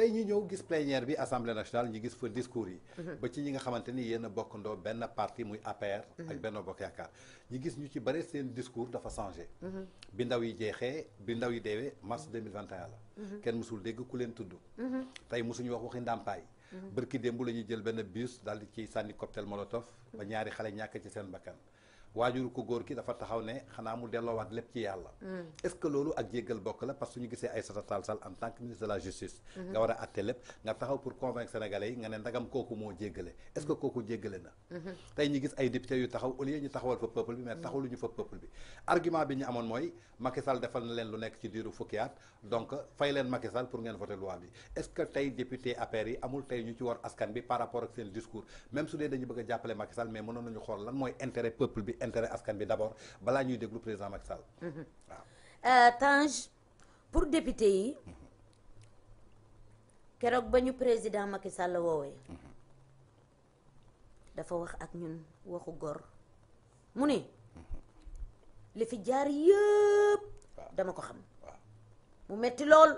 tey ñu ñëw gis plénière bi assemblée nationale ñu gis fa discours yi. Mhm. ba ci ñi nga xamante ni yéen a bokkandoo benn parti muy APR. Mhm. ak Benno Bokk Yaakaar ñu gis ñu ci bëri seen discours dafa changé. Mhm. bi ndaw yi jeexee bi ndaw yi deewee mars 2021 la. kenn mësul dégg ku leen tudd. tey mësuñu wax waxi ndàmpaay. bërki démb la ñuy jël benn bus daal di ciy sànni cocktail molotov. ba ñaari xale ñàkk ci seen bakkan. waajur ko góor ki dafa taxaw ne xanaa mu delloowaat lépp ci yàlla. Mm. est loolu ak jéggal bokk la parce que ñu gisee Aïssata Tall Sall en tant que ministre de la justice. Mm-hmm. nga war a àtte lépp nga taxaw pour convaincre sénégalais yi nga ne ndagam kooku moo jéggale est-ce que mm-hmm. kooku jéggale na. Mm-hmm. tey ñu gis ay députés yu taxaw au lieu ñu taxawal fa peuple bi mais mm. taxawluñu fa peuple bi. argument bi ñu amoon mooy Macky Sall defal na leen lu nekk ci diiru fukki at intérêt askan bi d' abord balaa ñuy déglu président Macky Sall. Mhm. waaw euh, Tange pour député yi keroog ba ñu président Macky Sall woowee. Mhm. dafa wax ak ñun waxu gor mu ni mhm. li fi jaar yëpp. dama ko xam. mu metti lool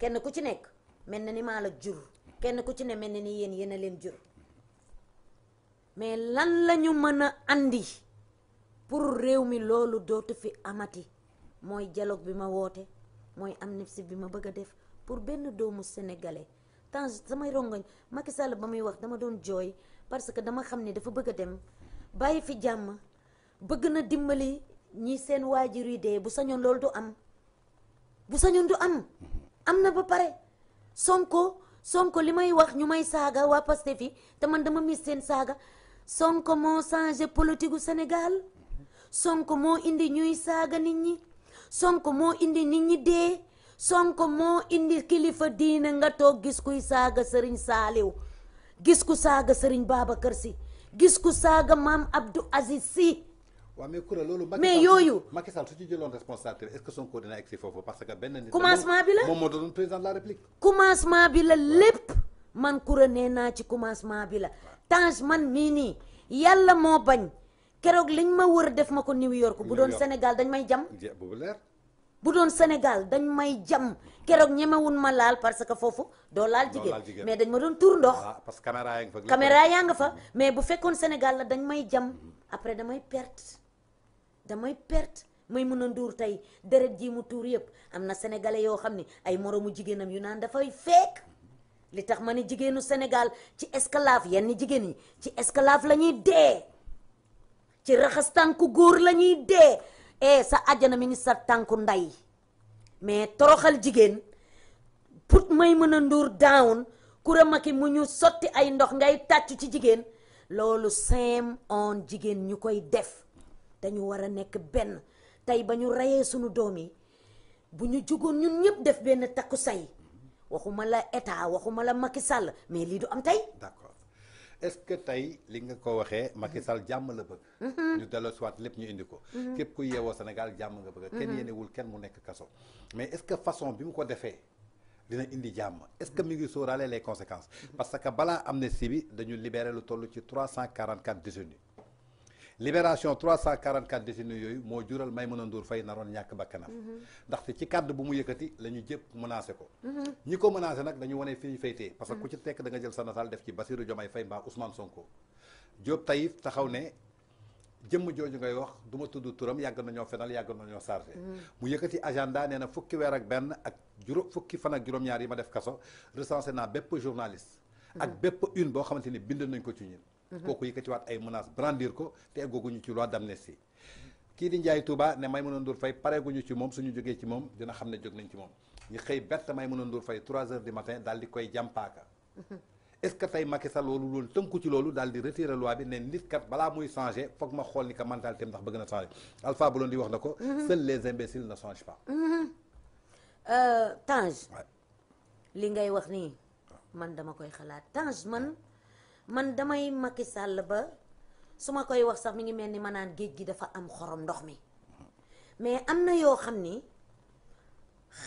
kenn ku ci nekk mel na ni maa la jur kenn ku ci ne mel na ni yéen yéen leen jur mais lan la ñu mën a andi. pour réew mi loolu dootu fi amati mooy dialogue bi ma woote mooy am amnistie bi ma bëgg a def pour benn doomu sénégalais temps samay rongoñ Macky Sall ba muy wax dama doon jooy parce que dama xam ne dafa bëgg a dem bàyyi fi jàmm bëgg na dimbali ñi seen waajur yi dee bu sañoon loolu du am bu sañoon du am am na ba pare Sonko Sonko li may wax ñu may saaga waa Pastef fi te man dama mis seen saaga Sonko moo changé politique u Sénégal sonk moo indi ñuy saaga nit ñi sonk moo indi nit ñi dee sonk moo indi kilifa diine nga toog gis kuy saaga sëriñ Saaliw gis ku saaga sëriñ kër Si gis ku saaga maam Abdou Aziz Si waaw mais kuréel loolu. mais yooyu Macky Sall su ci jëloon responsabilité est-ce que Sonko dina egsi foofu parce que benn nit. commencement bi la moom moo doon président de la commencement bi la lépp man kuréel nee naa ci commencement bi la. tange man mii nii yàlla moo bañ. keroog liñ ma wër def ma ko New York bu doon Sénégal dañ may jam bu doon Sénégal dañ may jam keroog ñemewun ma laal parce que foofu doo laal jigéen mais dañ ma doon tuur ndox ah, parce que caméra yaa nga fa mm-hmm. mais bu fekkoon Sénégal la dañ may jam mm-hmm. après damay perte damay perte may mun a nduur tey deret jii mu tuur yëpp am na sénégalais yoo xam ne ay moroomu jigéenam yu naan dafay fekk li tax ma ne jigéenu Sénégal ci esclave yenn jigéen ñi ci esclave la ñuy dee ci raxas tànku góor lañuy ñuy dee eh, sa àjjana mi ngi tànku ndey mais toroxal jigéen put may mën a nduur down kura maki mu ñu sotti ay ndox ngay tàccu ci jigéen loolu same on jigéen ñu koy def dañu war a nekk benn tey ba ñu reyee sunu doom yi bu ñu jugoon ñun ñëpp def benn takku say waxuma la état waxuma la Macky Sall mais lii du am tey est-ce que tay li nga ko waxé Macky Sall jàmm la bëgg mhm. ñu delloo soit lepp ñu indi ko mhm. képp ku yéwo Sénégal jamm nga bëgg kenn mhm. yéenewul kenn mu nekk kasso mais est-ce que façon bi mu ko défé dina indi jamm est-ce que mi ngi sóoraale les conséquences parce que bala amné bi dañu libérer lu tollu ci 344 détenus libération 344 détenus yooyu moo jural Maïmouna Ndour Faye naroon ñàkk bakkanam ndaxte ci kàdd bu mu yëkkati la ñu jëpp menacé ko ñi ko menacé nag dañu wane fi ñu faytee parce que ku ci tekk da nga jël sa nataal def ci Bassirou Diomaye Faye mbaa Ousmane Sonko Diop Taïf taxaw ne jëmm jooju ngay wax du ma tudd turam yàgg nañoo fenal yàgg nañoo chargé mu yëkkati agenda nee na fukki weer ak benn ak juróom fukki fan ak juróom-ñaar yi ma def kaso recensé naa bépp journaliste ak bépp une boo xamante ni bind nañ ko ci Mm-hmm. kooku yëkkatiwaat ay menaces brandir ko te eggooguñu ci loi d'amnistie kii di Ndiaye Touba ne Maïmouna Ndour Faye pareeguñu ci moom suñu jógee ci moom dina xam ne jóg nañ ci moom ñu xëy bett Maïmouna Ndour Faye 3 heures du matin daal di koy jàmpaaka mm-hmm. est-ce que tey Macky Sall loolu loolu tënku ci loolu daal di retirer loi bi ne nit balaa muy changer foog ma xool ni que mentalité ndax bëgg na changer Alpha Blondy wax na ko. Mm-hmm. seuls les imbéciles ne changent pas. Euh, Tange. li ngay wax nii. man dama koy xalaat Tange man. man damay Macky Sall ba su ma koy wax sax mi ngi mel ni ma naan géej gi dafa am xorom ndox mi mais am na yoo xam ni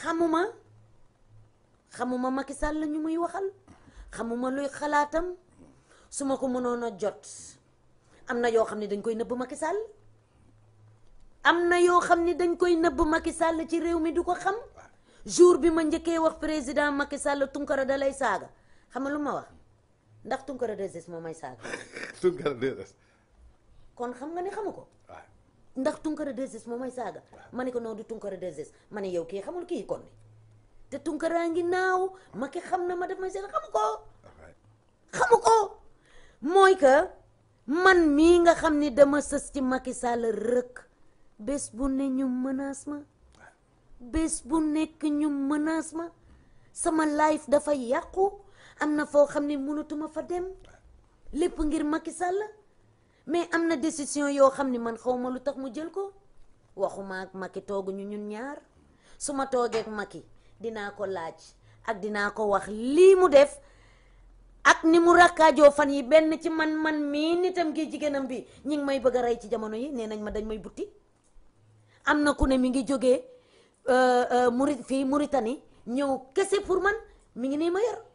xamuma xamuma Macky Sall ñu muy waxal xamuma luy xalaatam su ma ko mënoon a jot am na yoo xam ne dañ koy nëbb Macky Sall am na yoo xam ne dañ koy nëbb Macky Sall ci réew mi du ko xam jour bi ma njëkkee wax président Macky Sall Tunkara dalay lay saaga xam nga lu ma wax ndax Tunkara 2S moom may saaga. Tunkara 2S. kon xam nga ne xamu ko. ndax Tunkara s moom may saaga. ma ne ko non du Tunkara 2S ma ne yow kii xamul kii kon te Tunkaraa ngi naaw ma ki xam na ma def may saaga xamu ko. xamu ko mooy que man mii nga xam ni dama sës ci Macky Sall rëkk bés bu ne ñu menace ma bés bu nekk ñu menace ma sama life dafa yàqu. am na foo xam ne mënatuma fa dem lépp ngir makki Sall mais am na décision yoo xam ne man xawma lu tax mu jël ko waxuma ak Macky tooguñu ñun ñaar su ma toogee ak Macky dinaa ko laaj ak dinaa ko wax lii mu def ak ni mu rakkaajoo fan yi benn ci man man mii nitam gi jigéenam bi ñi ngi may bëgg a rey ci jamono yi nee nañ ma dañ may butti am na ku ne mi ngi jóge euh, euh, Murit fii muritani ñëw kese pour man mu ngi nii ma yor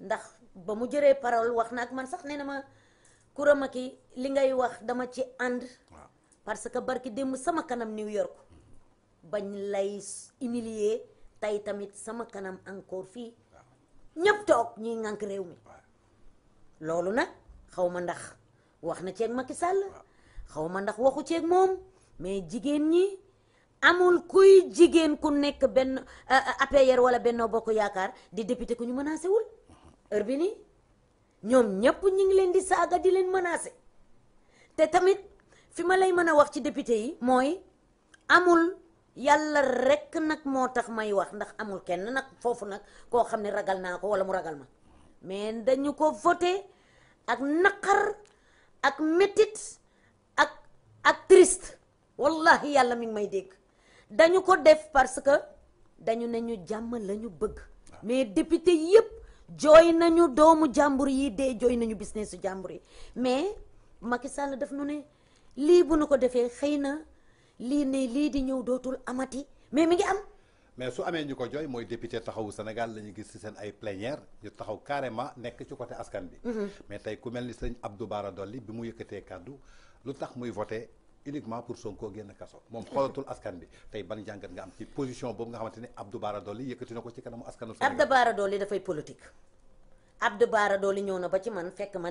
ndax ba mu jëree parole wax na ak man sax ne na ma Coura Macky li ngay wax dama ci ànd parce que barki démb sama kanam New York bañ lay humilier tey tamit sama kanam encore fii ñëpp toog ñuy ŋànk réew mi loolu nag xaw ma ndax wax na ceeg Macky Sall xaw ma ndax waxu ceeg moom mais jigéen ñi amul kuy jigéen ku nekk benn euh, euh, APR wala Benno Bokk Yaakaar di député ku ñu menacé wul erbini ñom nii ñi ngi leen di saga di leen menacer té tamit fi ma lay mëna wax ci député yi moy amul yalla rek nak moo tax may wax ndax amul kenn nak fofu nak ko xamni ragal ko mu ragal ma mais dañu ko voté ak nakar ak metit ak ak triste wallahi yalla mi ngi may dégg dañu ko def parce que dañu nañu ñu lañu bëgg ah. mais député yépp jooy nañu doomu jàmbur yi dee jooy nañu business su jàmbur yi mais Macky Sall daf nu ne lii bu nu ko defee xëy na lii nii lii di ñëw dootul amati mais mi ngi am. mais su amee ñu ko jooy mooy député taxawu Sénégal la ñu gis ci seen ay plénière ñu taxaw carrément nekk ci côté askan bi. Mhm. mais tey ku mel ni sëñ Abdou Bara Dolly bi mu yëkkatee kàddu lu tax muy voté. uniquement pour Sonko génn kasso mom xolatul askan bi tay ban jangat nga am ci position bobu nga xamanteni Abdou Bara doli yekati nako ci kanam askanu Abdou Bara da fay politique Abdou Bara doli ñono ba ci man fekk ma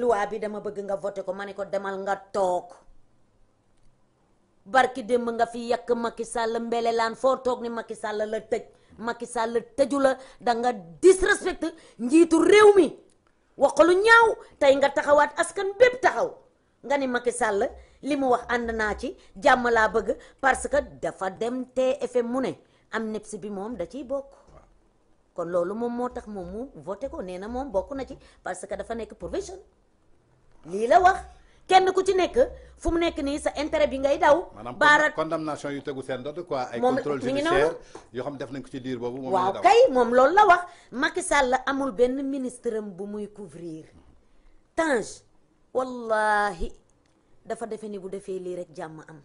loi bi dama bëgg nga voter ko maniko demal nga tok barki dem nga fi yak Macky Sall lan fo tok ni Macky Sall la tej Macky Sall la la da nga disrespect njitu rew mi wax lu ñaaw tay nga taxawat askan bepp taxaw nga ni Macky Sall li mu wax ànd naa ci jàmm laa bëgg parce que dafa dem TFM mu ne am nepp bi moom da ciy bokk kon loolu moom moo tax moom mu voté ko nee na moom bokk na ci parce que dafa nekk provision lii la wax kenn ku ci nekk fu mu nekk nii sa intérêt bi ngay daw. baara condamnation yu tegu seen dot quoi. ay contrôle judiciaire yoo xam def nañ ko ci diir boobu. moom waaw kay moom loolu la wax. Macky Sall la amul benn ministre am bu muy couvrir Tange wallahi dafa defe ni bu defee lii rek jàmm am